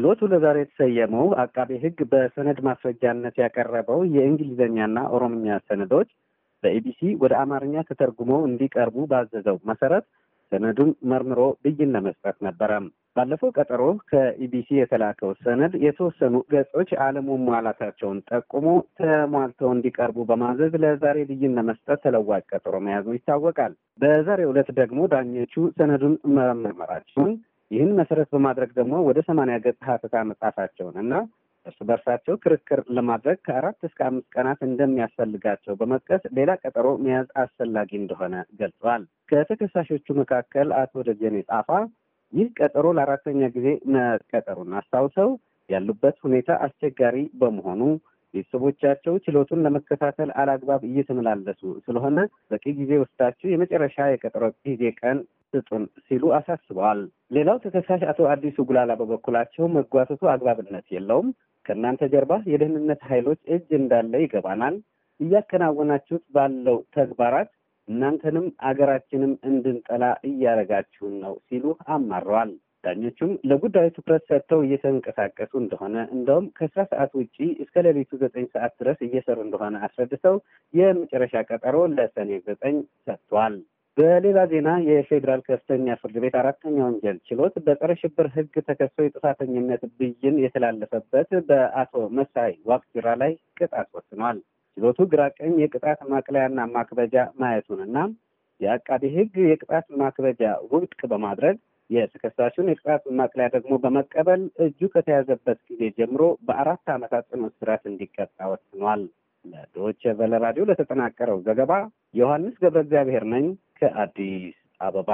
ችሎቱ ለዛሬ የተሰየመው አቃቤ ሕግ በሰነድ ማስረጃነት ያቀረበው የእንግሊዝኛና ኦሮምኛ ሰነዶች በኢቢሲ ወደ አማርኛ ተተርጉመው እንዲቀርቡ ባዘዘው መሰረት ሰነዱን መርምሮ ብይን ለመስጠት ነበረ። ባለፈው ቀጠሮ ከኢቢሲ የተላከው ሰነድ የተወሰኑ ገጾች አለመሟላታቸውን ጠቁሞ ተሟልተው እንዲቀርቡ በማዘዝ ለዛሬ ብይን ለመስጠት ተለዋጭ ቀጠሮ መያዙ ይታወቃል። በዛሬው ዕለት ደግሞ ዳኞቹ ሰነዱን መመርመራቸውን ይህን መሰረት በማድረግ ደግሞ ወደ ሰማንያ ገጽ ሀተታ መጻፋቸውን እና እርስ በርሳቸው ክርክር ለማድረግ ከአራት እስከ አምስት ቀናት እንደሚያስፈልጋቸው በመጥቀስ ሌላ ቀጠሮ መያዝ አስፈላጊ እንደሆነ ገልጸዋል። ከተከሳሾቹ መካከል አቶ ደጀኔ ጣፋ ይህ ቀጠሮ ለአራተኛ ጊዜ መቀጠሩን አስታውሰው ያሉበት ሁኔታ አስቸጋሪ በመሆኑ ቤተሰቦቻቸው ችሎቱን ለመከታተል አላግባብ እየተመላለሱ ስለሆነ በቂ ጊዜ ወስዳችሁ የመጨረሻ የቀጠሮ ጊዜ ቀን ስጡን ሲሉ አሳስበዋል። ሌላው ተከሳሽ አቶ አዲሱ ጉላላ በበኩላቸው መጓተቱ አግባብነት የለውም፣ ከእናንተ ጀርባ የደህንነት ኃይሎች እጅ እንዳለ ይገባናል። እያከናወናችሁት ባለው ተግባራት እናንተንም አገራችንም እንድንጠላ እያደረጋችሁን ነው ሲሉ አማረዋል። ዳኞቹም ለጉዳዩ ትኩረት ሰጥተው እየተንቀሳቀሱ እንደሆነ እንደውም ከስራ ሰዓት ውጪ እስከ ሌሊቱ ዘጠኝ ሰዓት ድረስ እየሰሩ እንደሆነ አስረድተው የመጨረሻ ቀጠሮ ለሰኔ ዘጠኝ ሰጥቷል። በሌላ ዜና የፌዴራል ከፍተኛ ፍርድ ቤት አራተኛ ወንጀል ችሎት በጸረ ሽብር ሕግ ተከሰው የጥፋተኝነት ብይን የተላለፈበት በአቶ መሳይ ዋቅጅራ ላይ ቅጣት ወስኗል። ችሎቱ ግራቀኝ የቅጣት ማቅለያና ማክበጃ ማየቱንና የአቃቤ ሕግ የቅጣት ማክበጃ ውድቅ በማድረግ የተከሳሹን የቅጣት ማቅለያ ደግሞ በመቀበል እጁ ከተያዘበት ጊዜ ጀምሮ በአራት ዓመታት ጽኑ እስራት እንዲቀጣ ወስኗል። ለዶች ቨለ ራዲዮ ለተጠናቀረው ዘገባ ዮሐንስ ገብረ እግዚአብሔር ነኝ ከአዲስ አበባ